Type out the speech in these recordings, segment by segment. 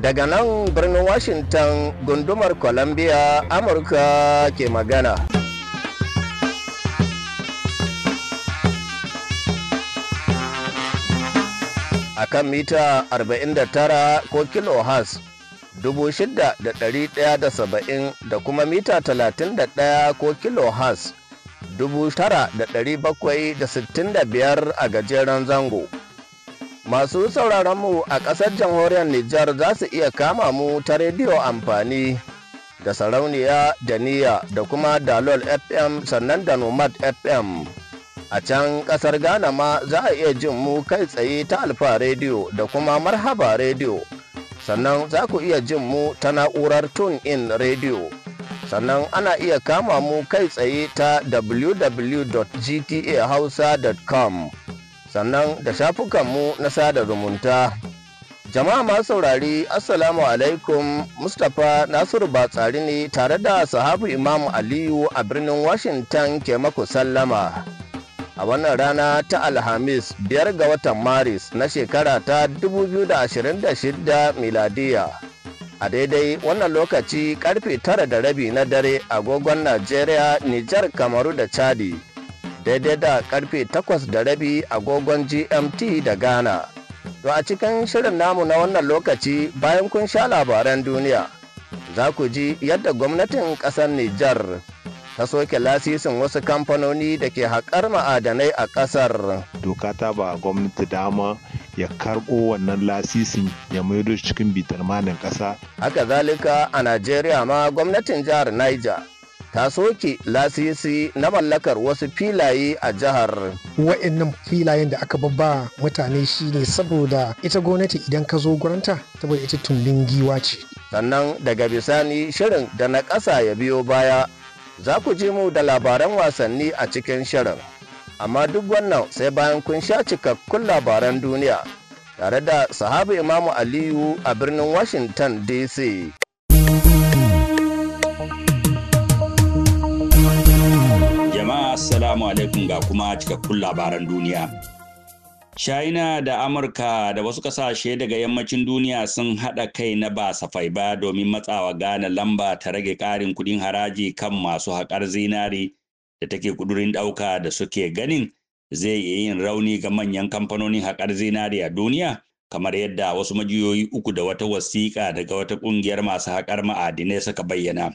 daga nan birnin washington gundumar columbia amurka ke magana a kan mita 49 ko kilohertz 6,170 da da kuma mita talatin da 31 ko kilohertz 9,765 a gajeren zango. Masu sauraron mu a ƙasar jamhuriyar Nijar za su iya kama mu ta rediyo amfani da sarauniya da niya da kuma dalol FM sannan da nomad FM. A can ƙasar Ghana ma za a iya jin mu kai tsaye ta Alfa rediyo da kuma Marhaba rediyo. Sannan za ku iya jin mu ta na'urar Tune In rediyo. sannan ana iya kama mu kai tsaye ta www.gtahausa.com sannan da shafukanmu na sada zumunta jama'a masu saurari assalamu alaikum mustapha nasiru batsari ne tare da sahabu imam aliyu a birnin washington ke mako sallama a wannan rana ta alhamis biyar ga watan maris na shekara ta 2026 miladiya a daidai wannan lokaci karfe tara da rabi na dare agogon najeriya nijar kamaru da chadi daidai da karfe takwas da rabi agogon gmt da ghana to a cikin shirin namu na wannan lokaci bayan kun sha labaran duniya za ku ji yadda gwamnatin ƙasar nijar Ta soke lasisin wasu kamfanoni da ke haƙar ma'adanai a ƙasar. Doka ta ba gwamnati dama ya karɓo wannan lasisin ya maido cikin bitar manin ƙasa. Haka zalika a Najeriya ma gwamnatin jihar Niger. ta soke lasisi na mallakar wasu filaye a jihar. Wa'annan filayen da aka babba mutane shi ne saboda ita gwamnati idan ka zo ta saboda ita tumbin giwa ce. Sannan daga bisani shirin da na ƙasa ya biyo baya za ku ji mu da labaran wasanni a cikin shirin. Amma duk wannan sai bayan kun sha cikakkun labaran duniya tare da sahabu Imamu Aliyu a birnin Washington DC. Jama'a Assalamu alaikum ga kuma cikakkun labaran duniya. China da Amurka da wasu kasashe daga yammacin duniya sun haɗa kai na ba safai ba domin matsawa Ghana lamba ta rage ƙarin kuɗin haraji kan masu haƙar zinari da take kudurin ɗauka da suke ganin zai iya yin rauni ga manyan kamfanonin haƙar zinari a duniya kamar yadda wasu majiyoyi uku da wata wasiƙa daga wata ƙungiyar masu haƙar ma'adinai suka bayyana.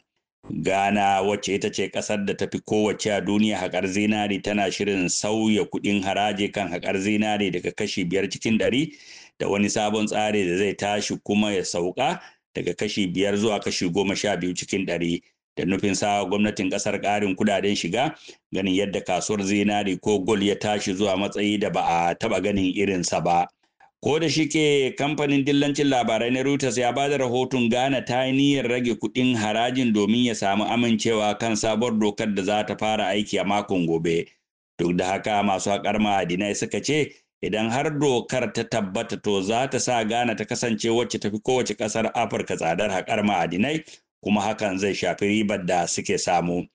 Ghana wacce ita ce ƙasar da tafi kowace a duniya haƙar zinari tana shirin sauya kuɗin haraji kan haƙar zinari daga kashi biyar cikin ɗari da wani sabon tsari da zai tashi kuma ya sauka daga kashi biyar zuwa kashi goma sha biyu cikin ɗari da nufin sa gwamnatin ƙasar ƙarin kudaden shiga ganin yadda kasuwar zinari ko gol ya tashi zuwa matsayi da ba a taɓa ganin irinsa ba. Ko da ke kamfanin dillancin labarai na Reuters ya ba da rahoton Ghana ta yi niyyar rage kuɗin harajin domin ya samu amincewa kan sabuwar dokar da za ta fara aiki a makon gobe. Duk da haka masu haƙar ma'adinai suka ce idan har dokar ta tabbata to za ta sa Ghana ta kasance wacce tafi kowace ƙasar Afirka tsadar haƙar ma'adinai kuma hakan zai shafi ribar da suke samu.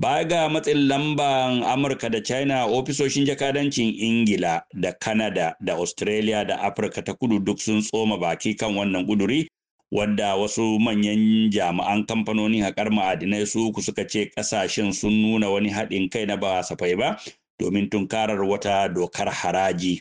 Baya ga matsin lamban Amurka da China ofisoshin jakadancin Ingila da Kanada da Australia da Afirka ta kudu duk sun tsoma baki kan wannan kuduri wadda wasu manyan jami'an kamfanonin haƙar ma'adinai su uku suka ce ƙasashen sun nuna wani haɗin kai na ba safai ba domin tunkarar wata dokar haraji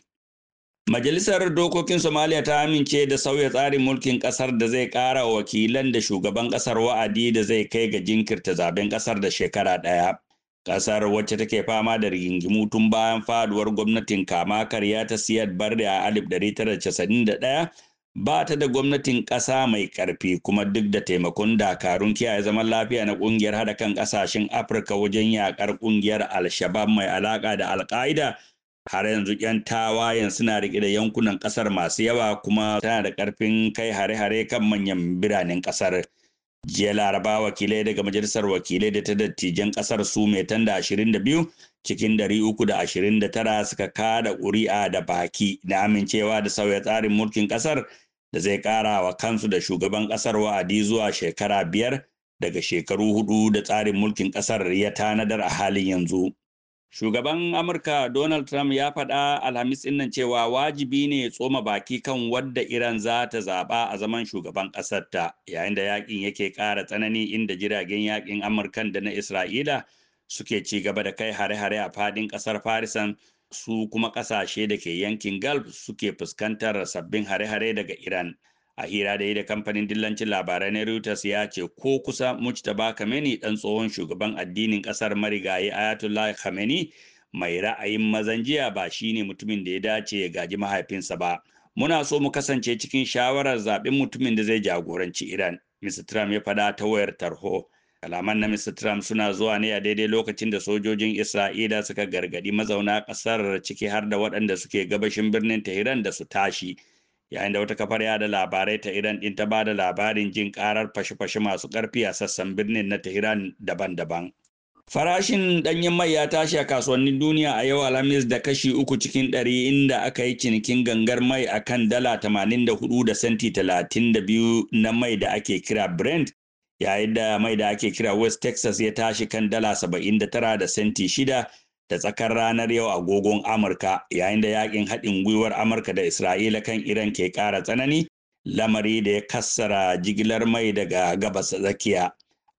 Majalisar Dokokin Somaliya ta amince da sauya tsarin mulkin kasar da zai ƙara wakilan da shugaban kasar wa'adi da zai kai ga jinkirta zaben kasar da shekara ɗaya. Kasar wacce take fama da rigingimu tun bayan faduwar gwamnatin kama karya ta siyar barde a 1991 ba ta da gwamnatin ƙasa mai ƙarfi kuma duk da taimakon dakarun kiyaye zaman lafiya na ƙungiyar hada kan ƙasashen Afirka wajen yaƙar ƙungiyar al mai alaƙa da al har yanzu 'yan tawayen suna rike da yankunan kasar masu yawa kuma tana da karfin kai hare-hare kan manyan biranen kasar jiya laraba wakilai daga majalisar wakilai da ta dattijan kasar su mai tanda 22 cikin uku da da ashirin tara, suka kada ƙuri'a da baki na amincewa da sauya tsarin mulkin kasar da zai kara wa kansu da shugaban kasar wa'adi zuwa shekara biyar daga shekaru hudu da tsarin mulkin kasar ya tanadar a halin yanzu Shugaban Amurka Donald Trump ya faɗa Alhamis nan cewa wajibi ne tsoma baki kan wadda Iran za ta zaɓa a zaman shugaban ƙasarta yayin da yakin yake ƙara tsanani inda jiragen yakin Amurkan da na Isra'ila suke ci gaba da kai hare-hare a faɗin ƙasar Farisan su kuma ƙasashe da ke yankin Gulf suke fuskantar sabbin hare-hare daga Iran. a hira da yi da kamfanin dillancin labarai na Reuters ya ce ko kusa Mujtaba Khamenei dan tsohon shugaban addinin kasar marigayi Ayatollah Khamenei mai ra'ayin mazan jiya ba shine mutumin da ya dace ya gaji mahaifinsa ba. Muna so mu kasance cikin shawarar zaɓen mutumin da zai jagoranci Iran, Mr. Trump ya faɗa ta wayar tarho. Kalaman na Mr. Trump suna zuwa ne a daidai lokacin da sojojin Isra'ila suka gargadi mazauna ƙasar ciki har da waɗanda suke gabashin birnin Tehran da su tashi yayin da wata kafar yada labarai ta iran din ta bada labarin jin karar fashe-fashe masu karfi a sassan birnin na tehran daban-daban farashin danyen mai ya tashi a kasuwannin duniya a yau alhamis da kashi uku cikin ɗari inda aka yi cinikin gangar mai a kan dala tamanin da senti talatin na mai da ake kira brent yayin da mai da ake kira west texas ya tashi kan dala saba'in da senti shida da tsakar ranar yau agogon Amurka yayin da yakin haɗin gwiwar Amurka da Isra'ila kan Iran ke ƙara tsanani lamari da ya kassara jigilar mai daga gabas tsakiya.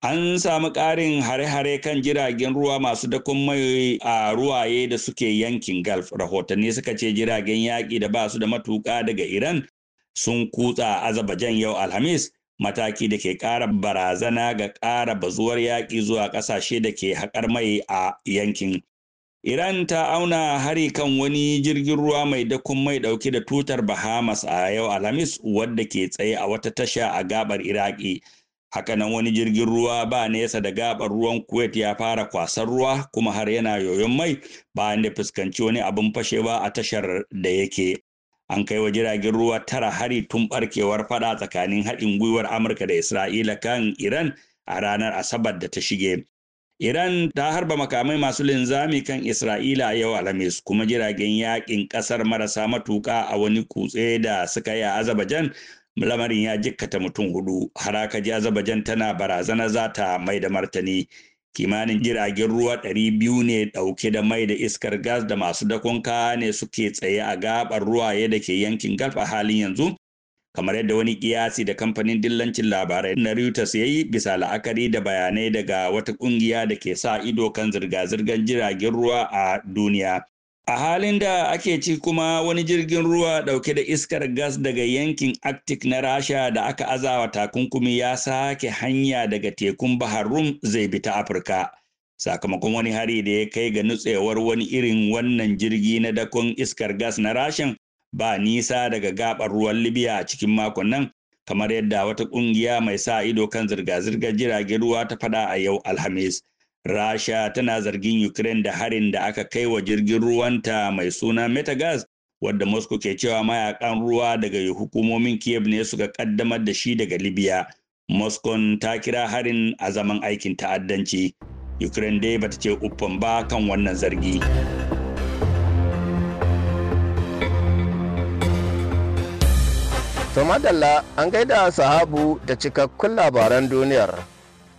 An samu ƙarin hare-hare kan jiragen ruwa masu dakon mai a ruwaye da suke yankin Gulf. Rahotanni suka ce jiragen yaƙi da ba su da matuƙa daga Iran sun kutsa Azerbaijan yau Alhamis mataki da ke ƙara barazana ga ƙara bazuwar yaƙi zuwa ƙasashe da ke haƙar mai a yankin. Iran ta auna hari kan wani jirgin ruwa mai dakon mai dauke da tutar Bahamas a yau Alhamis wadda ke tsaye a wata tasha a gabar Iraki. Hakanan wani jirgin ruwa ba nesa da gabar ruwan Kuwait ya fara kwasar ruwa kuma har yana yoyon mai bayan da fuskanci wani abin fashewa a tashar da yake. An kai wa jiragen ruwa tara hari tun barkewar fada tsakanin haɗin gwiwar Amurka da Isra'ila kan Iran a ranar Asabar da ta shige. Iran ta harba makamai masu linzami kan Isra'ila yau Alhamis kuma jiragen yakin kasar marasa matuka a wani kutse da suka yi a Azerbaijan lamarin ya jikkata mutum hudu har aka ji Azerbaijan tana barazana za ta mai da martani. Kimanin jiragen ruwa ɗari biyu ne ɗauke da mai da iskar gas da masu dakon ne suke tsaye a gabar ruwaye da ke yankin Gulf a halin yanzu kamar yadda wani kiyasi da kamfanin dillancin labarai na Reuters ya yi bisa la'akari da bayanai daga wata kungiya da ke sa ido kan zirga-zirgar jiragen ruwa a duniya. A halin da ake ci kuma wani jirgin ruwa dauke da iskar gas daga yankin Arctic na Rasha da aka azawa takunkumi ya sake hanya daga tekun Bahar Rum zai bi ta Afirka. Sakamakon wani hari da ya kai ga nutsewar wani irin wannan jirgi na dakon iskar gas na Rashin ba nisa daga gabar ruwan libya a cikin makon nan kamar yadda wata kungiya mai sa ido kan zirga-zirgar jiragen ruwa ta faɗa a yau alhamis rasha tana zargin ukraine da harin da aka kai wa jirgin ruwanta mai suna metagas wadda moscow ke cewa mayakan ruwa daga hukumomin kiev ne suka kaddamar da shi daga libya moscow ta kira harin a zaman aikin ta'addanci ukraine dai bata ce uffan ba kan wannan zargi. To madalla an gaida sahabu da cikakkun labaran duniyar.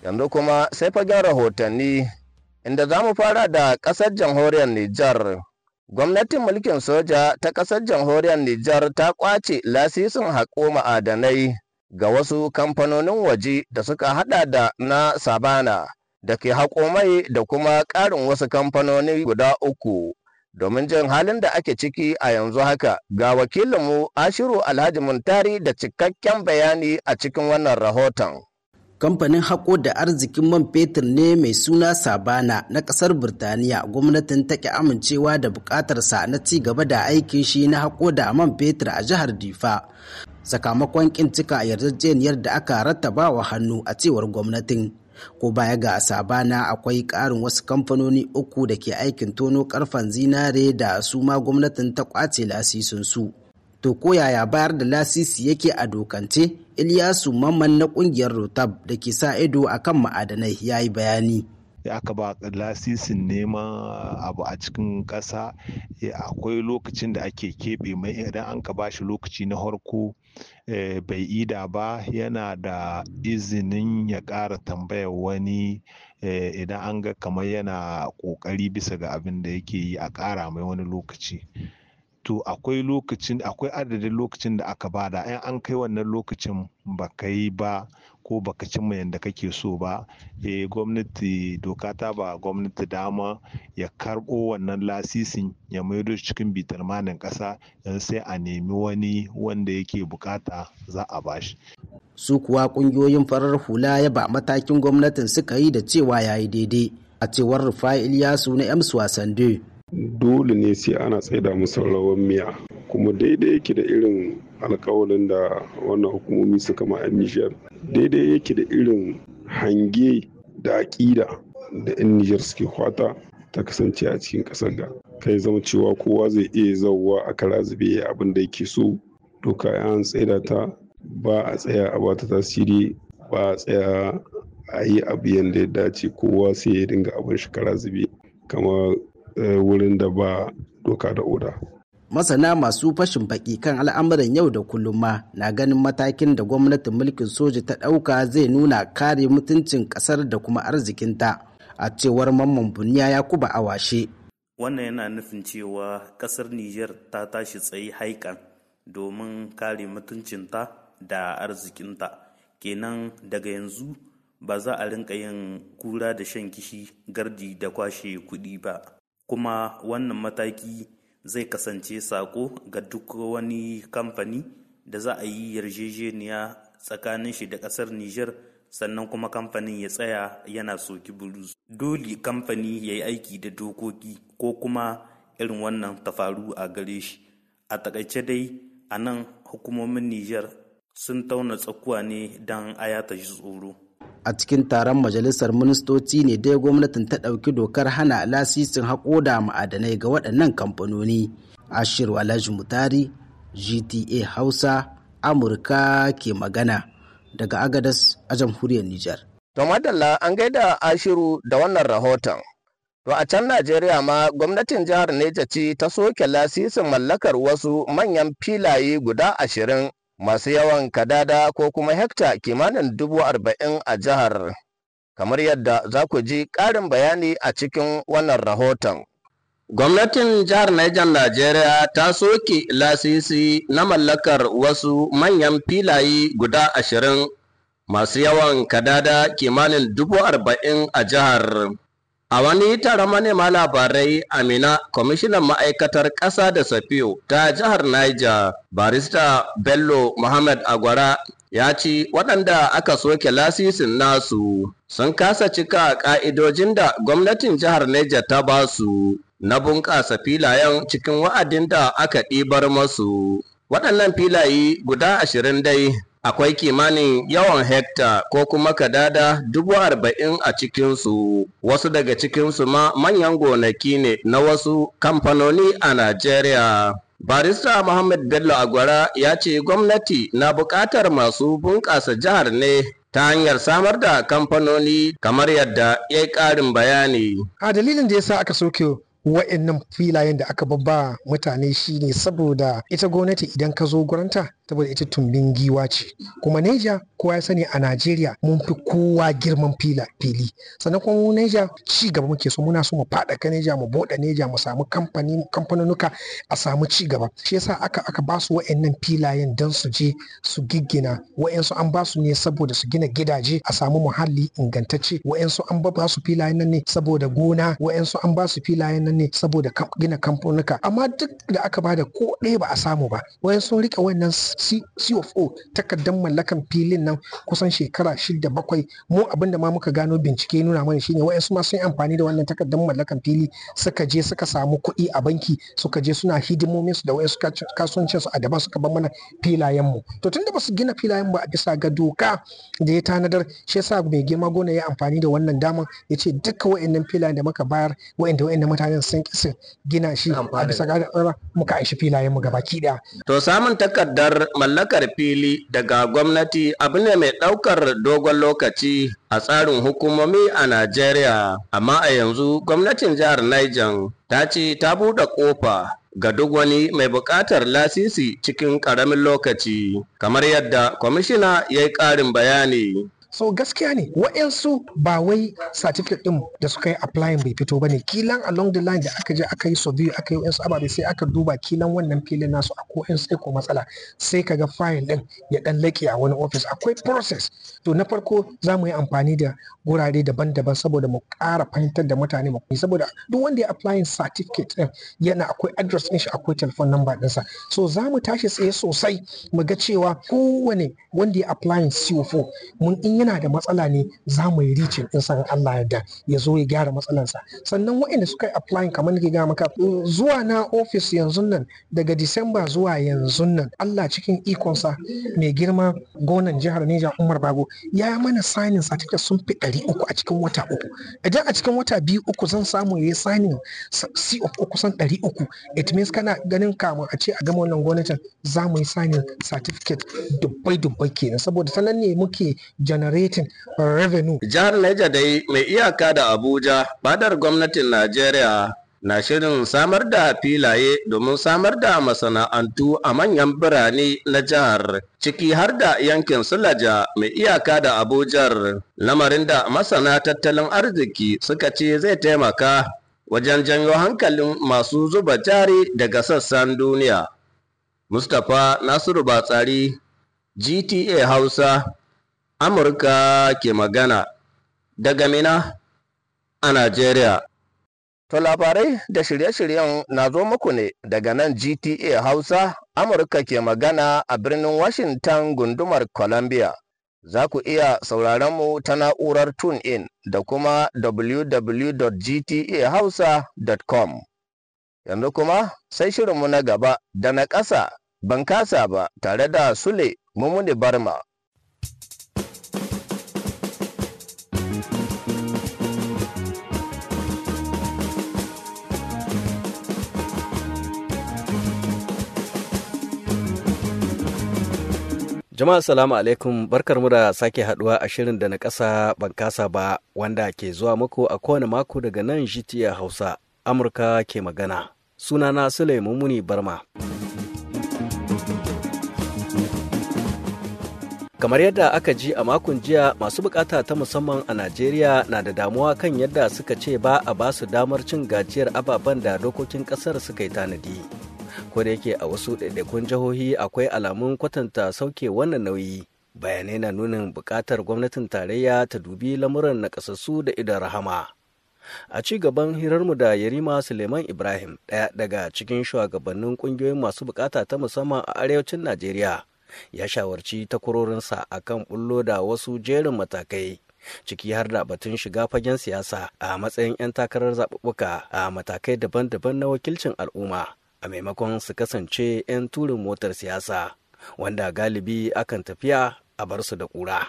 Yanzu kuma sai fagen rahotanni inda za mu fara da ƙasar jamhuriyar Nijar. Gwamnatin mulkin soja ta ƙasar jamhuriyar Nijar ta ƙwace lasisin haƙo ma'adanai ga wasu kamfanonin waje da suka haɗa da na Sabana da ke haƙo mai da kuma ƙarin wasu kamfanoni guda uku. domin jin halin da ake ciki a yanzu haka ga wakilinmu ashiru alhaji muntari da cikakken bayani a cikin wannan rahoton. kamfanin haƙo da arzikin man fetur ne mai suna sabana na ƙasar birtaniya gwamnatin take amincewa da buƙatarsa na ci gaba da aikin shi na haƙo da man fetur a jihar difa sakamakon ƙin cika yarjejeniyar da aka rattaba wa hannu a cewar gwamnatin ko baya ga sabana akwai ƙarin wasu kamfanoni uku da ke aikin tono karfan zinare da su ma gwamnatin ta kwace lasisin su to ko yaya bayar da lasisi yake a dokance iliyasu mamman na kungiyar rotab da ke sa ido akan ma'adanai ya yi bayani aka ba lasisin neman abu a cikin ƙasa eh, akwai lokacin da ake keɓe mai idan an ka bashi lokaci na harko eh, bai ida ba yana da izinin ya ƙara tambayar wani eh, idan an ga kamar yana ƙoƙari bisa ga abin da yake yi a ƙara mai wani lokaci to akwai lokacin akwai adadin lokacin da aka bada in an kai wannan lokacin ba ka ba ko baka cimma yadda kake so ba eh gwamnati doka ta ba gwamnati dama ya karɓo wannan lasisin ya maido cikin bitar kasa ƙasa sai a nemi wani wanda yake bukata za a bashi su kuwa kungiyoyin farar hula ya ba matakin gwamnatin suka yi da cewa ya yi daidai a cewar rufa iliyasu na 'yan sande dole ne sai ana tsaida musu miya kuma daidai yake da irin alkawalin da wannan hukumomi suka ma Nijar daidai yake da irin hange da aƙida da 'yan Nijar suke kwata ta kasance a cikin ƙasar ga kai zama cewa kowa zai iya zauwa a kara zube abin da yake so doka an tsaida ta ba a tsaya a bata tasiri ba a tsaya a yi abu yadda ya dace kowa sai ya dinga abin shi kara zube kamar eh, wurin da ba doka da oda masana masu fashin baki kan al'amuran yau da kullum ma na ganin matakin da gwamnatin mulkin soja ta ɗauka zai nuna kare mutuncin ƙasar da kuma arzikinta a cewar mamman bunya yakuba awashe wannan yana nufin cewa ƙasar niger ta tashi tsaye haikan domin kare mutuncinta da arzikinta kenan daga yanzu ba za a rinka yin kura da shan kishi gardi da kwashe kuɗi ba kuma wannan mataki zai kasance sako ga duk wani kamfani da za a yi yarjejeniya tsakanin shi da ƙasar Nijar sannan kuma kamfanin ya tsaya yana soki bulus. Dole kamfani ya yi aiki da dokoki ko kuma irin wannan ta faru a gare shi. A takaice dai a nan hukumomin Nijar sun tauna tsakuwa ne don aya ta tsoro. a cikin taron majalisar ministoci ne dai gwamnatin ta ɗauki dokar hana lasisin haƙo da ma'adanai ga waɗannan kamfanoni ashir alhaji mutari gta hausa amurka ke magana daga agadas a jamhuriyar nijar to madalla an gaida ashiru da wannan rahoton To a can Najeriya ma gwamnatin jihar Neja ce ta soke lasisin mallakar wasu manyan filaye guda ashirin masu yawan kadada ko kuma hekta kimanin dubu arba'in a jihar kamar yadda za ku ji ƙarin bayani a cikin wannan rahoton. Gwamnatin jihar Niger Najeriya ta soke lasisi na mallakar wasu manyan filaye guda ashirin masu yawan kadada kimanin dubu arba'in a jihar. A wani taron manema labarai Amina, kwamishinan ma'aikatar ƙasa da Safiyo ta jihar Niger, barista Bello Muhammad Agwara ya ce waɗanda aka soke lasisin nasu sun kasa cika ƙa'idojin da gwamnatin jihar Niger ta ba su na bunƙasa filayen cikin wa'adin da aka ɗibar masu. Waɗannan filaye guda ashirin dai akwai kimanin yawan hekta ko kuma kadada dubu arba'in a cikinsu wasu daga cikinsu ma manyan gonaki ne na wasu kamfanoni a najeriya barista muhammad bello agwara ya ce gwamnati na buƙatar masu bunƙasa jihar ne ta hanyar samar da kamfanoni kamar yadda ya yi ƙarin bayani a dalilin da ya sa aka soke wa'annan filayen da aka babba mutane shine saboda ita gwamnati idan ka zo guranta saboda ita tumbin giwa ce kuma neja kowa ya sani a Najeriya mun fi kowa girman fila fili sannan kuma mu ci gaba muke so muna so mu faɗaka neja mu buɗe neja mu samu kamfani kamfanonuka a samu ci gaba shi yasa aka aka ba su wa'annan filayen dan su je su giggina wa'ansu an ba su ne saboda su gina gidaje a samu muhalli ingantacce wa'ansu an ba su filayen nan ne saboda gona wa'ansu an ba su filayen nan ne saboda gina kamfanonuka amma duk da aka bada ko ɗaya ba a samu ba sun rike wannan cfo takardar mallakan filin nan kusan shekara shida bakwai mu abinda ma muka gano bincike nuna mana shine wa'yansu ma sun yi amfani da wannan takardar mallakan fili suka je suka samu kuɗi a banki suka je suna hidimomin su da wa'yansu kasuwancin su a daban suka bar mana filayen mu to tunda basu gina filayen ba a bisa ga doka da ya tanadar shi yasa mai girma gona ya amfani da wannan daman ya ce duka wa'annan filayen da muka bayar wa'anda wa'annan mutanen sun gina shi a bisa ga muka aishi filayen mu gabaki daya to samun takardar mallakar fili daga gwamnati abu ne mai ɗaukar dogon lokaci a tsarin hukumomi a Najeriya, amma a yanzu gwamnatin jihar Niger ta ce ta buɗe ƙofa ga duk wani mai buƙatar lasisi cikin ƙaramin lokaci, kamar yadda kwamishina ya yi ƙarin bayani. so gaskiya ne wa'yansu ba wai certificate din da suka yi applying bai fito bane kilan along the line da aka je aka yi so biyu aka yi wa'yansu ababe sai aka duba kilan wannan filin nasu a ko sai ko matsala sai kaga file din ya dan laƙe a wani office akwai process to na farko za mu yi amfani da gurare daban-daban saboda mu ƙara fahimtar da mutane mu saboda duk wanda ya applying certificate din yana akwai address din shi akwai telephone number sa so za mu tashi tsaye sosai mu ga cewa kowane wanda ya applying CO4 mun in yana da matsala ne za mu yi ricin in san Allah yarda ya zo ya gyara matsalansa sannan waɗanda suka yi applying kamar ki ga maka zuwa na ofis yanzu nan daga Disamba zuwa yanzu nan Allah cikin ikonsa mai girma gonan jihar Neja Umar Bago ya mana signing certificate sun fi ɗari uku a cikin wata uku idan a cikin wata biyu uku zan samu ya yi signing CO kusan ɗari uku it means kana ganin kamun a ce a gama wannan gwamnatin za mu yi signing certificate dubbai dubbai kenan saboda sanan ne muke janar. generating revenue. Jihar Leja dai mai iyaka da Abuja, badar gwamnatin Najeriya na shirin samar da filaye domin samar da masana'antu a manyan birane na jihar ciki har da yankin sulaja mai iyaka da Abuja, lamarin da masana tattalin arziki suka ce zai taimaka wajen janyo hankalin masu zuba jari daga sassan duniya mustapha nasiru batsari gta hausa Amurka ke magana daga Mina a Najeriya. To labarai da shirye-shiryen na zo muku ne daga nan GTA Hausa Amurka ke magana a birnin Washington gundumar Columbia. Za ku iya sauraron mu ta na'urar TuneIn da kuma www.gtahausa.com. Yanzu kuma sai shirinmu na gaba da na ƙasa ban kasa ba tare da Sule Mumuni Barma. Jama'a salamu alaikum barkar mu da sake haduwa a shirin da na kasa bankasa ba wanda ke zuwa mako a kowane mako daga nan jitiya Hausa Amurka ke magana. Sunana Sulaiman Muni Barma. Kamar yadda aka ji a makon jiya masu bukata ta musamman a Najeriya na da damuwa kan yadda suka ce ba a basu damar cin gajiyar ababen da dokokin ƙasar suka yi tanadi. ko da yake a wasu ɗaiɗaikun jihohi akwai alamun kwatanta sauke wannan nauyi bayanai na nunin buƙatar gwamnatin tarayya ta dubi lamuran nakasassu da idan rahama a ci gaban hirarmu da yarima suleiman ibrahim ɗaya daga cikin shugabannin ƙungiyoyin masu buƙata ta musamman a arewacin najeriya ya shawarci takwarorinsa kan bullo da wasu jerin matakai ciki har da batun shiga fagen siyasa a matsayin 'yan takarar zaɓuɓɓuka a matakai daban-daban na wakilcin al'umma a maimakon su kasance 'yan turin motar siyasa wanda galibi akan tafiya a bar su da ƙura.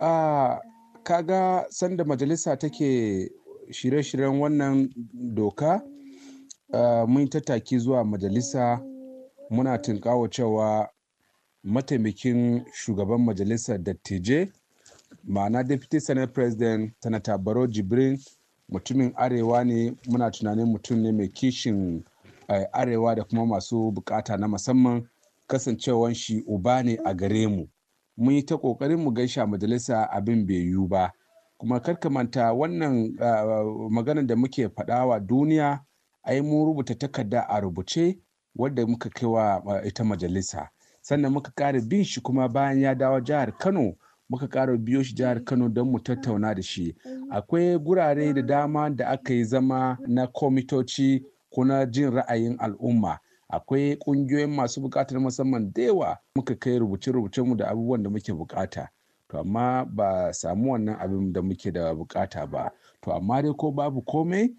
a kaga sanda majalisa take shirye-shiryen wannan doka mun tattaki zuwa majalisa muna tunkawa cewa mataimakin shugaban majalisar dattijai ma'ana deputy senate president sanata tabaro jibrin mutumin arewa ne muna tunanin mutum ne mai kishin arewa da kuma masu bukata na musamman kasancewan shi uba ne a gare mu mun yi ta kokarin mu gaisha majalisa abin bai yiwu ba kuma manta wannan maganar da muke faɗawa duniya ai mun rubuta takarda a rubuce wadda muka kai wa ita majalisa sannan muka ƙara bin shi kuma bayan ya dawo jihar kano muka ƙara biyo shi jihar kano don mu tattauna da shi akwai gurare da dama da aka yi zama na komitoci ko na jin ra'ayin al'umma akwai kungiyoyin masu bukatar musamman da yawa muka kai rubuce-rubuce mu da abubuwan da muke bukata to amma ba samu wannan abin da muke da bukata ba to amma dai ko babu komai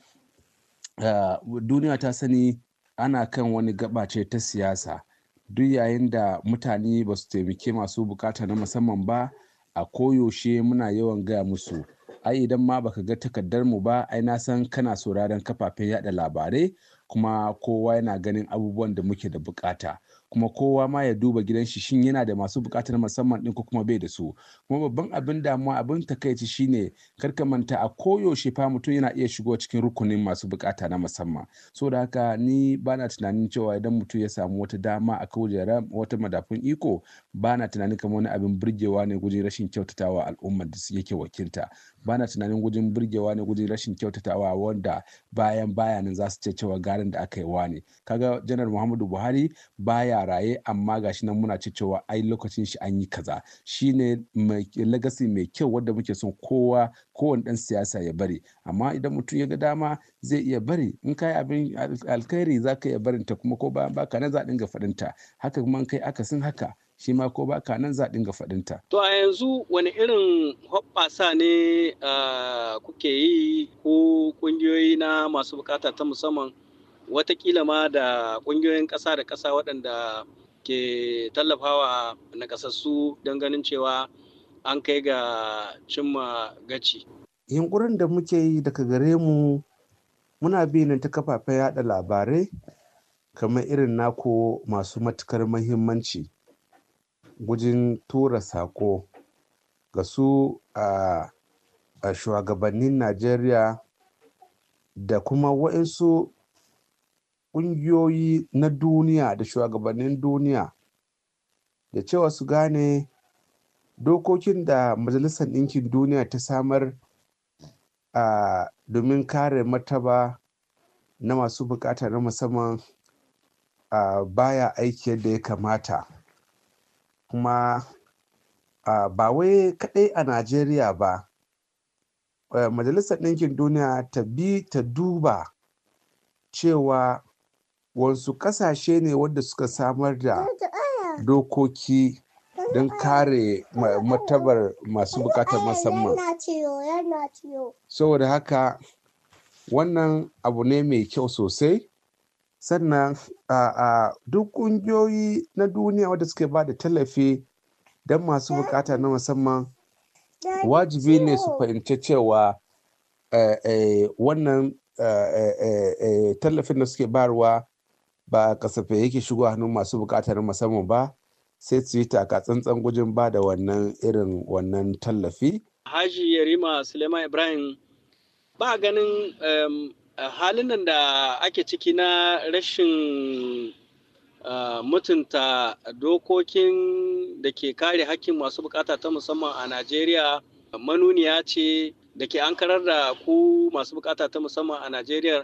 ah, duniya ta sani ana kan wani gabace ta siyasa duk yayin da mutane ba su taimake masu bukata na musamman ba a koyaushe muna yawan gaya musu ai idan ma baka ga takardar mu ba ai na san kana sauraron kafafen yada labarai kuma kowa yana ganin abubuwan da muke da bukata kuma kowa ma ya duba gidan shi shin yana da masu bukatar musamman din ko kuma bai da su kuma babban abin damuwa abin takaici shine karka manta a koyaushe fa mutum yana iya shigo cikin rukunin masu bukata na musamman so da haka ni bana tunanin cewa idan mutum ya samu wata dama a kaujera wata madafun iko bana tunanin kamar wani abin burgewa ne gujin rashin kyautatawa al'ummar da su yake wakilta bana tunanin gujin burgewa ne gujin rashin kyautatawa wanda bayan bayanin za su ce cewa garin da aka yi wa ne kaga janar muhammadu buhari baya yana raye amma gashi nan muna cewa ai lokacin shi an yi kaza shine legacy mai kyau wanda muke son kowa kowane dan siyasa ya bari amma idan mutum ya ga dama zai iya bari in kai abin alkhairi za ka iya barinta kuma ko ba ka nan za dinga ta haka kuma kai akasin haka shi ma ko ka nan za dinga ta. To a yanzu wani irin hoɓɓasa ne ah, kuke yi ko ƙungiyoyi na masu bukata ta musamman watakila ma da ƙungiyoyin ƙasa da ƙasa waɗanda ke tallafawa nakasassu don ganin cewa an kai ga cimma gaci. Yunƙurin da muke yi daga gare mu muna binin ta kafafen yada labarai kamar irin nako masu matukar mahimmanci gujin tura sako ga su a shugabannin najeriya da kuma waɗansu ƙungiyoyi na duniya da shugabannin duniya da cewa su gane dokokin da majalisar ɗinkin duniya ta samar a domin kare mataba na masu bukata na musamman a baya aiki yadda ya kamata kuma ba wai kaɗai a najeriya ba eh, majalisar ɗinkin duniya ta bi ta duba cewa wasu kasashe ne wadda suka samar da dokoki don kare matabar masu bukatar musamman saboda haka wannan abu ne mai kyau sosai sannan a duk ƙungiyoyi na duniya wadda suke ba da tallafi don masu bukata na musamman wajibi ne su fahimci cewa eh, eh, wannan eh, tallafin da suke barwa ba kasafai yake shigo hannun masu bukatar musamman ba sai Twitter ka tsantsan gujin ba da wannan irin wannan tallafi. Haji Yarima Suleiman Ibrahim ba ganin um, halin nan da ake ciki na rashin uh, mutunta dokokin da ke kare hakkin masu bukata ta musamman a Najeriya manuniya ce da ke ankarar da ku masu bukata ta musamman a Najeriya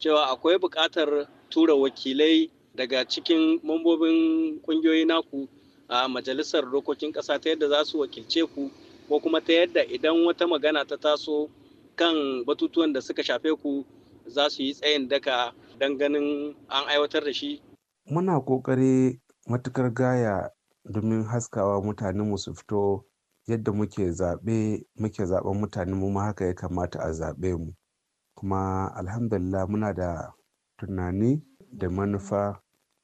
cewa akwai bukatar tura wakilai daga cikin mambobin kungiyoyi naku a majalisar dokokin ƙasa ta yadda za su wakilce ku ko kuma ta yadda idan wata magana ta taso kan batutuwan da suka shafe ku za su yi tsayin daka don ganin an aiwatar da shi? Muna ƙoƙari matukar gaya domin haskawa mu su fito yadda muke zaɓe muke zaɓen mutane mu haka ya kamata a zaɓe mu. Kuma alhamdulillah muna da tunani da manufa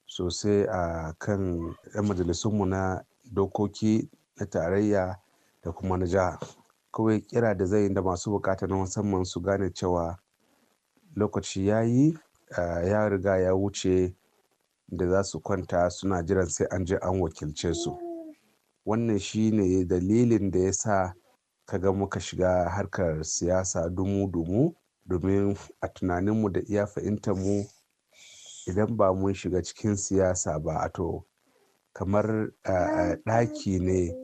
sosai a kan 'yan majalisunmu na dokoki na tarayya da kuma na jiha kawai kira da zai da masu bukata na musamman su gane cewa lokaci ya yi ya riga ya wuce da za su kwanta suna jiran sai an je an wakilce su wannan shi ne dalilin da ya sa ga muka shiga harkar siyasa dumu-dumu domin a tunaninmu da iya mu idan ba mun shiga cikin siyasa ba a to kamar ɗaki ne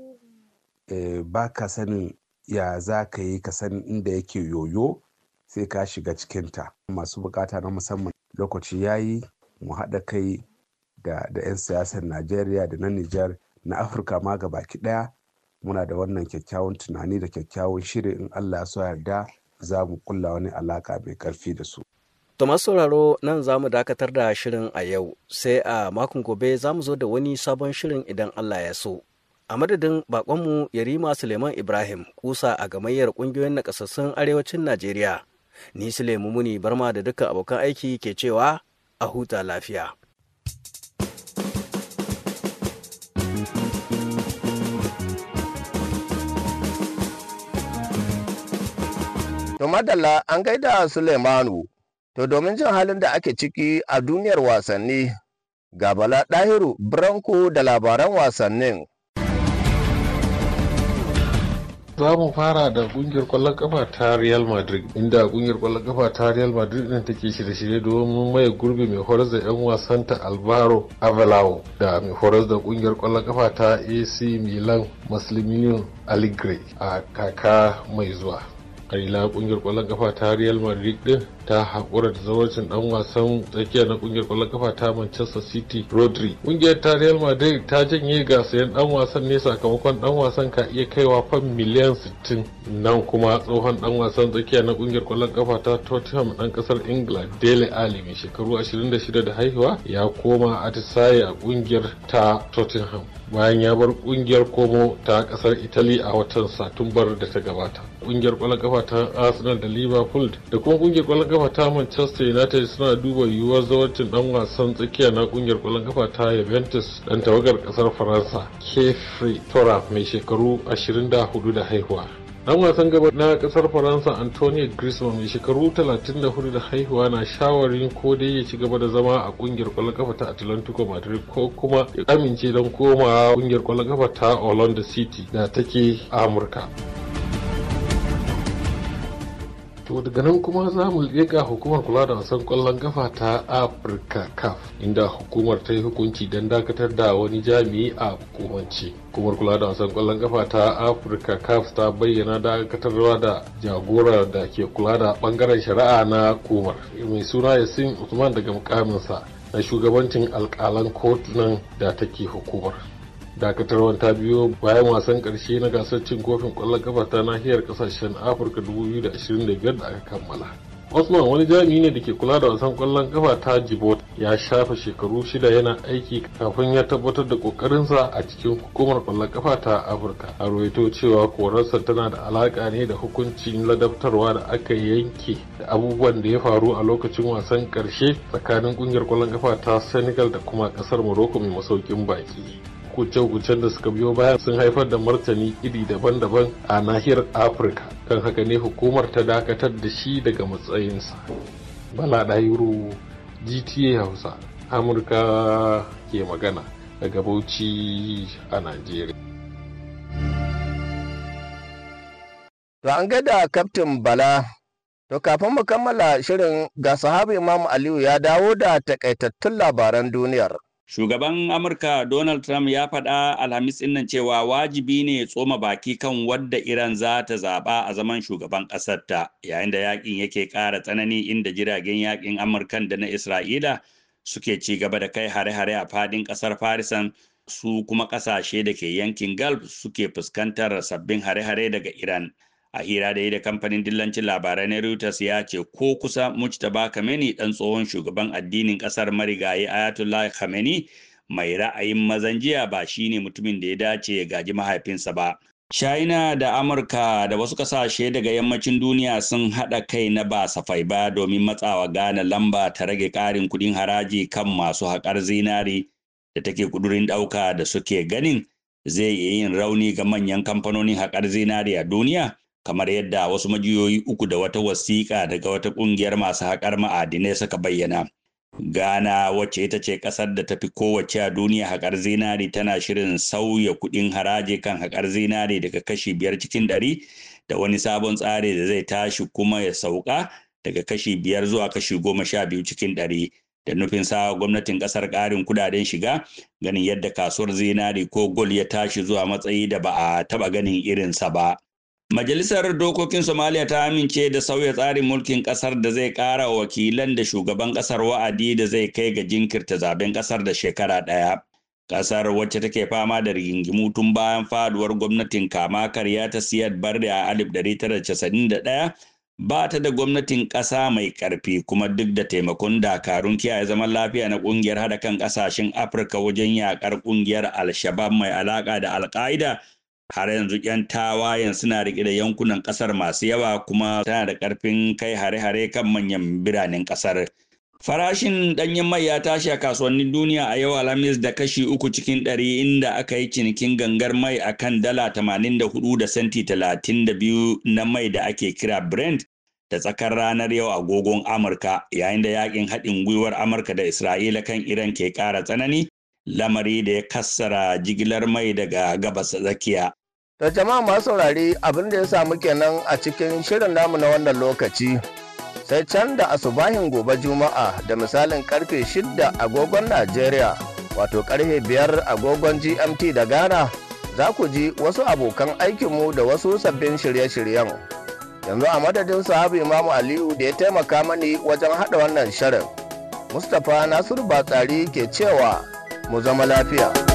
e, ba ka sanin ya za ka yi ka san inda yake yoyo sai ka shiga cikinta masu bukata na musamman lokaci ya yi mu haɗa kai da 'yan siyasar najeriya da na nijar na afirka ma gabaki ɗaya muna da wannan kyakkyawan tunani da kyakkyawan shirin in allah ya so yarda za mu kulla wani alaka mai karfi da su. To sauraro nan za mu dakatar da shirin a yau sai a makon gobe za mu zo da wani sabon shirin idan Allah ya so. A madadin bakonmu Yarima Suleiman Ibrahim kusa a gamayyar ƙungiyoyin naƙasassun arewacin Najeriya. Ni Suleiman Muni Barma da dukkan abokan aiki ke cewa a huta lafiya. To madalla an gaida Suleimanu, to domin jin halin da ake ciki a duniyar wasanni, ga Bala ɗahiru Branko da labaran wasannin. za mu fara da kungiyar kwallon kafa ta real madrid inda kungiyar kwallon kafa ta real madrid din take shirye-shirye domin maye gurbi mai horar da 'yan wasan ta alvaro avelao da mai horar da kungiyar kwallon kafa ta ac milan maslimino aligre a kaka mai zuwa an yi kungiyar kwallon kafa ta real madrid din ta haƙura da zawarcin dan wasan tsakiya na ƙungiyar kwallon kafa ta Manchester City Rodri. ƙungiyar ta Real Madrid ta janye ga sayan dan wasan ne sakamakon ɗan wasan ka iya kaiwa fan miliyan 60 nan kuma tsohon dan wasan tsakiya na kungiyar kwallon kafa ta Tottenham ɗan kasar Ingila Dele Alli mai shekaru 26 da haihuwa ya koma atisaye a ƙungiyar ta Tottenham bayan ya bar kungiyar komo ta kasar Italy a watan Satumbar da ta gabata. Kungiyar kwallon kafa ta Arsenal da Liverpool da kuma kungiyar kwallon kafa ta Manchester United suna duba yiwuwar zawarcin dan wasan tsakiya na kungiyar kwallon kafa ta Juventus dan tawagar kasar Faransa Kefri Tora mai shekaru 24 da haihuwa. dan wasan gaba na kasar faransa antonio griezmann mai shekaru 34 da haihuwa na shawarin ko dai ya ci gaba da zama a kungiyar kwallon kafa ta atlantico madrid ko kuma ya amince don komawa kungiyar kwallon kafa ta orlando city da take amurka To daga nan kuma za mu ga hukumar kula da wasan kwallon kafa ta Afirka CAF inda hukumar ta yi hukunci don dakatar da wani jami'i a hukumance. Hukumar kula da wasan kwallon kafa ta Afirka CAF ta bayyana dakatarwa da jagorar da ke kula da ɓangaren shari'a na hukumar. Mai suna Yasin Usman daga mukaminsa na shugabancin alkalan kotunan da take hukumar. dakatarwar ta biyo bayan wasan karshe na gasar cin kofin kwallon kafa ta nahiyar kasashen afirka 2025 da aka kammala osman wani jami'i ne da ke kula da wasan kwallon kafa ta jibot ya shafa shekaru shida yana aiki kafin ya tabbatar da ƙoƙarinsa a cikin hukumar kwallon kafa ta afirka a rawaito cewa korarsa tana da alaƙa ne da hukuncin ladabtarwa da aka yanke da abubuwan da ya faru a lokacin wasan karshe tsakanin ƙungiyar kwallon kafa ta senegal da kuma kasar morocco mai masaukin baki kuce-kucen da suka biyo bayan sun haifar da martani iri daban-daban a nahiyar afirka kan haka ne hukumar ta dakatar da shi daga matsayinsa bala ɗayuru gta hausa amurka ke magana daga bauchi a najeriya to an gada kaftin bala to kafin mu kammala shirin ga sahabi imam aliyu ya dawo da takaitattun labaran duniyar Shugaban Amurka Donald Trump ya faɗa Alhamis nan cewa wajibi ne ya tsoma baki kan wadda Iran za ta zaɓa a zaman shugaban ta, yayin da yakin yake ƙara tsanani inda jiragen yakin Amurkan da na Isra'ila suke ci gaba da kai hare-hare a faɗin ƙasar Farisan su kuma ƙasashe da ke yankin Gulf suke fuskantar sabbin hare-hare daga Iran. a hira da yi da kamfanin dillancin labarai na Reuters ya ce ko kusa Mujtaba Khamenei dan tsohon shugaban addinin kasar marigayi Ayatollah Khamenei mai ra'ayin mazan jiya ba shine mutumin da ya dace ya gaji mahaifinsa ba. China da Amurka da wasu kasashe daga yammacin duniya sun haɗa kai na ba safai ba domin matsawa Ghana lamba ta rage ƙarin kuɗin haraji kan masu haƙar zinari da take kudurin ɗauka da suke ganin zai iya yin rauni ga manyan kamfanonin haƙar zinari a duniya. kamar yadda wasu majiyoyi uku da wata wasiƙa daga wata ƙungiyar masu haƙar ma'adinai suka bayyana. Ghana wacce ita ce ƙasar da tafi kowace a duniya haƙar zinari tana shirin sauya kuɗin haraji kan haƙar zinari daga kashi biyar cikin ɗari da wani sabon tsari da zai tashi kuma ya sauka daga kashi biyar zuwa kashi goma sha biyu cikin ɗari da nufin sa gwamnatin ƙasar ƙarin kudaden shiga ganin yadda kasuwar zinari ko gol ya tashi zuwa matsayi da ba a taɓa ganin irinsa ba. Majalisar Dokokin Somalia ta amince da sauya tsarin mulkin ƙasar da zai kara wakilan da shugaban ƙasar wa'adi da zai kai ga jinkirta zaben ƙasar da shekara ɗaya. ƙasar wacce take fama da rigingimu tun bayan faduwar gwamnatin kama karya ta siyar barri a 1991 ba ta da gwamnatin ƙasa mai ƙarfi kuma duk da taimakon dakarun kiyaye zaman lafiya na ƙungiyar hada kan ƙasashen Afirka wajen yaƙar ƙungiyar al mai alaƙa da al har yanzu 'yan tawayen suna riƙe da yankunan ƙasar masu yawa kuma tana da ƙarfin kai hare-hare kan manyan biranen ƙasar. Farashin ɗanyen mai ya tashi a kasuwannin duniya a yau Alhamis da kashi uku cikin ɗari inda aka yi cinikin gangar mai a kan dala tamanin da hudu da senti talatin da biyu na mai da ake kira Brent da tsakar ranar yau agogon Amurka yayin da yakin haɗin gwiwar Amurka da Isra'ila kan Iran ke ƙara tsanani lamari da ya kassara jigilar mai daga gabas tsakiya. Da jama'a masu saurari abin da ya samu kenan a cikin shirin namu na wannan lokaci. Sai can da asubahin gobe Juma'a da misalin karfe shidda agogon Najeriya, wato karfe biyar agogon GMT da Ghana, za ku ji wasu abokan aikinmu da wasu sabbin shirye-shiryen. Yanzu a madadin sahabi Imamu Aliyu da ya taimaka mani wajen haɗa wannan shirin. Mustapha Nasiru Batsari ke cewa mu zama lafiya